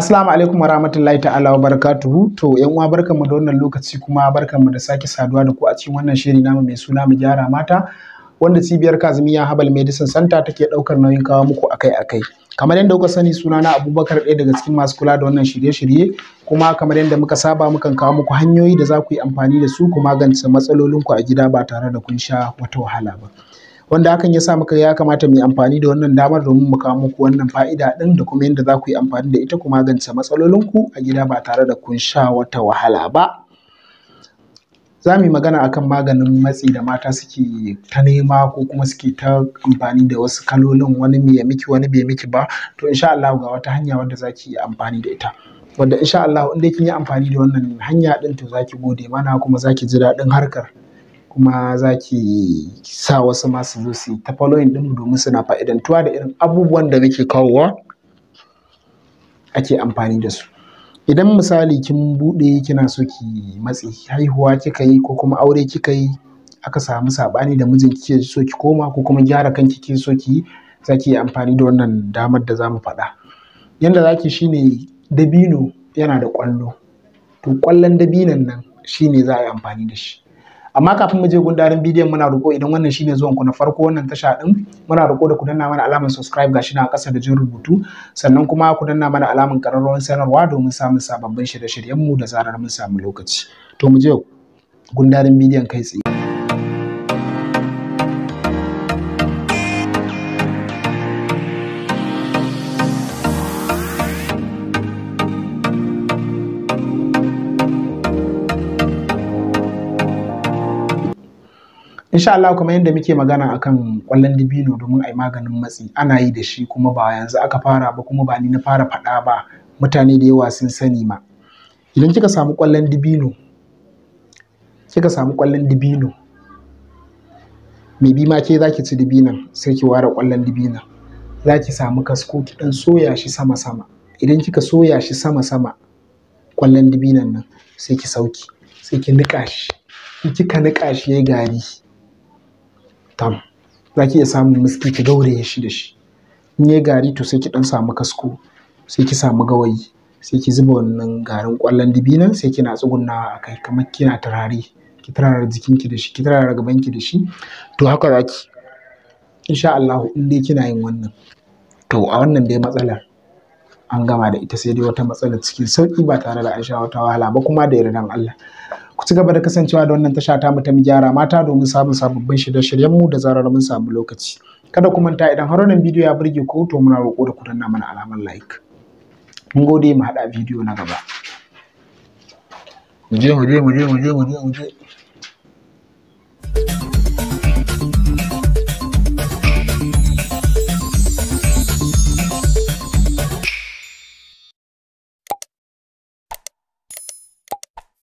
Assalamu alaikum warahmatullahi ta'ala wabarakatuhu. To yan uwa barkanmu da wannan lokaci kuma barkanmu da sake saduwa da ku a cikin wannan shiri namu mai suna mu gyara mata wanda cibiyar kazimiyya Habal Medicine Center take daukar nauyin kawo muku akai-akai. Kamar yadda kuka sani suna na Abubakar ɗaya daga cikin masu kula da wannan shirye-shirye kuma kamar yadda muka saba mukan kawo muku hanyoyi da za ku yi amfani da su ku magance matsalolinku a gida ba tare da kun sha wata wahala ba. wanda hakan ya sa muka ya kamata mu yi amfani da wannan damar domin mu kawo muku wannan fa'ida din da kuma yadda za ku yi amfani da ita ku magance matsalolinku a gida ba tare da kun sha wata wahala ba. Za mu yi magana akan maganin matsi da mata suke ta nema ko kuma suke ta amfani da wasu kalolin wani me ya miki wani bai miki ba to insha Allah ga wata hanya wadda za ki yi amfani da ita. Wanda insha Allah in kin yi amfani da wannan hanya ɗin to za ki gode mana kuma za ki ji daɗin harkar. kuma za ki sa wasu masu zo su ta following ɗinmu domin suna fa'idantuwa da irin abubuwan da nake kawowa ake amfani da su idan misali kin buɗe kina so ki matsi haihuwa kika yi ko kuma aure kika yi aka samu saɓani da mijin kike so ki koma ko kuma gyara kanki kike so ki zaki za ki yi amfani da wannan damar da za mu faɗa yanda za ki shine dabino yana da ƙwallo to ƙwallon dabinon nan shi ne za a yi amfani da shi amma kafin mu je gundarin bidiyon muna roko idan wannan shine zuwan ku na farko wannan tasha din muna roko da ku danna mana alamar subscribe gashi na ƙasa da jin rubutu sannan kuma ku danna mana alamar ƙararrawar sanarwa domin samun sababbin shirye-shiryen mu da zarar mun samu lokaci to mu je gundarin bidiyon kai tsaye insha Allah kuma yadda muke magana akan kwallon dibino domin a yi maganin matsi ana yi da shi kuma ba yanzu aka fara ba kuma ba ni na fara faɗa ba mutane da yawa sun sani ma idan kika samu kwallon dibino kika samu kwallon dibino mai bi ma ke za ki ci dibinan sai ki ware kwallon dibinan za ki samu kasko ki dan soya shi sama sama idan kika soya shi sama sama kwallon dibinan nan sai ki sauki sai ki niƙa shi kika niƙa shi yayi gari tam za iya samun miski ki gauraye shi da shi in yi gari to sai ki ɗan samu kasko sai ki samu gawayi sai ki zuba wannan garin ƙwallon dibinan sai kina tsugunnawa a kai kamar kina turare ki jikin jikinki da shi ki turara gabanki da shi to haka za ki insha Allah in dai kina yin wannan to a wannan dai matsalar an gama da ita sai dai wata matsala cikin sauki ba tare da an sha wata wahala ba kuma da yardan Allah ku ci gaba da kasancewa da wannan tasha ta mu ta gyara mata domin samun sababbin shirye-shiryen mu da zarar mun samu lokaci kada ku manta idan har wannan bidiyo ya burge ku to muna roƙo da ku danna mana alamar like mun gode mu haɗa bidiyo na gaba mu je mu je mu je